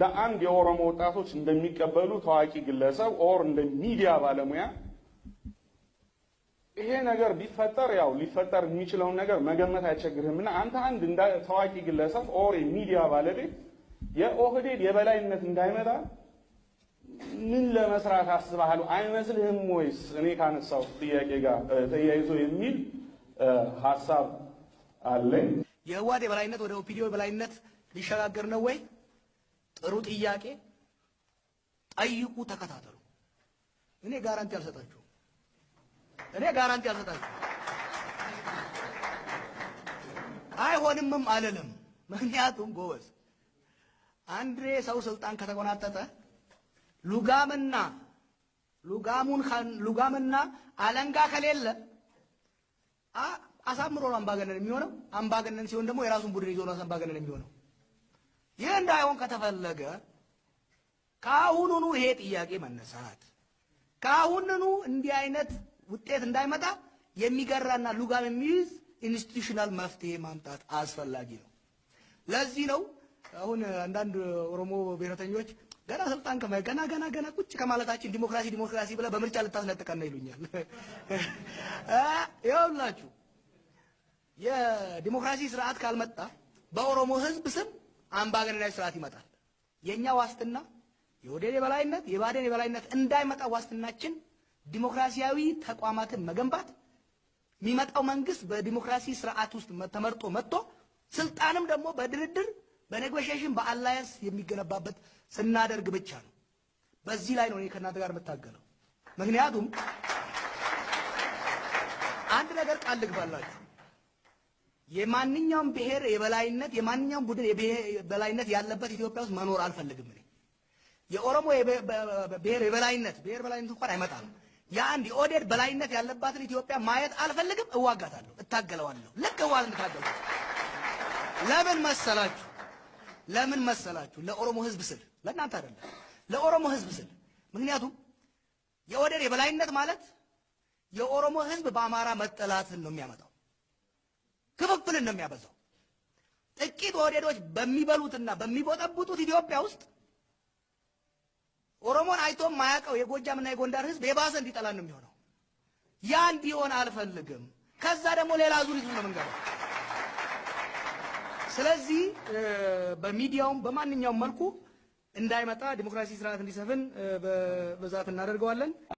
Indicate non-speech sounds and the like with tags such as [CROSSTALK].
ለአንድ የኦሮሞ ወጣቶች እንደሚቀበሉ ታዋቂ ግለሰብ ኦር እንደ ሚዲያ ባለሙያ ይሄ ነገር ቢፈጠር ያው ሊፈጠር የሚችለውን ነገር መገመት አይቸግርህም እና አንተ አንድ እንደ ታዋቂ ግለሰብ ኦር የሚዲያ ባለቤት የኦህዴድ የበላይነት እንዳይመጣ ምን ለመስራት አስበሃል አይመስልህም ወይስ? እኔ ካነሳው ጥያቄ ጋር ተያይዞ የሚል ሀሳብ አለኝ። የህወሓት የበላይነት ወደ ኦፒዲዮ የበላይነት ሊሸጋገር ነው ወይ? ጥሩ ጥያቄ ጠይቁ፣ ተከታተሉ። እኔ ጋራንቲ አልሰጣችሁ፣ እኔ ጋራንቲ አልሰጣችሁ። አይሆንምም አልልም። ምክንያቱም ጎበዝ አንድሬ ሰው ስልጣን ከተቆናጠጠ ሉጋምና ሉጋሙን ሉጋምና አለንጋ ከሌለ አሳምሮ ነው አምባገነን የሚሆነው። አምባገነን ሲሆን ደግሞ የራሱን ቡድን ይዞ ነው አምባገነን የሚሆነው። እንዳይሆን ከተፈለገ ከአሁኑኑ ይሄ ጥያቄ መነሳት ከአሁኑኑ እንዲህ አይነት ውጤት እንዳይመጣ የሚገራና ሉጋም የሚይዝ ኢንስቲቱሽናል መፍትሄ ማምጣት አስፈላጊ ነው። ለዚህ ነው አሁን አንዳንድ ኦሮሞ ብሔረተኞች ገና ስልጣን ገና ገና ገና ቁጭ ከማለታችን ዲሞክራሲ ዲሞክራሲ ብለህ በምርጫ ልታስነጥቀን ነው ይሉኛል። [LAUGHS] ይኸውላችሁ የዲሞክራሲ ስርዓት ካልመጣ በኦሮሞ ህዝብ ስም አምባገነናዊ ስርዓት ይመጣል። የእኛ ዋስትና የወደድ የበላይነት የባደን የበላይነት እንዳይመጣ ዋስትናችን ዲሞክራሲያዊ ተቋማትን መገንባት የሚመጣው መንግስት በዲሞክራሲ ስርዓት ውስጥ ተመርጦ መጥቶ ስልጣንም ደግሞ በድርድር በኔጎሽሽን በአላያንስ የሚገነባበት ስናደርግ ብቻ ነው። በዚህ ላይ ነው እኔ ከእናንተ ጋር የምታገለው። ምክንያቱም አንድ ነገር ቃል ልግባላችሁ የማንኛውም ብሔር የበላይነት የማንኛውም ቡድን የበላይነት ያለበት ኢትዮጵያ ውስጥ መኖር አልፈልግም። እኔ የኦሮሞ ብሔር የበላይነት ብሔር በላይነት እንኳን አይመጣም። የአንድ የኦዴድ በላይነት ያለባትን ኢትዮጵያ ማየት አልፈልግም። እዋጋታለሁ፣ እታገለዋለሁ። ልክ እዋል እንታገለ ለምን መሰላችሁ? ለምን መሰላችሁ? ለኦሮሞ ህዝብ ስል ለእናንተ አይደለም፣ ለኦሮሞ ህዝብ ስል ምክንያቱም የኦዴድ የበላይነት ማለት የኦሮሞ ህዝብ በአማራ መጠላትን ነው የሚያመጣው እኩልን ነው የሚያበዛው። ጥቂት ወሬዶች በሚበሉትና በሚቦጠቡጡት ኢትዮጵያ ውስጥ ኦሮሞን አይቶም ማያውቀው የጎጃምና የጎንደር ህዝብ የባሰ እንዲጠላ ነው የሚሆነው። ያ እንዲሆን አልፈልግም። ከዛ ደግሞ ሌላ ዙሪት ነው የምንገባው። ስለዚህ በሚዲያውም በማንኛውም መልኩ እንዳይመጣ ዲሞክራሲ ስርዓት እንዲሰፍን በብዛት እናደርገዋለን።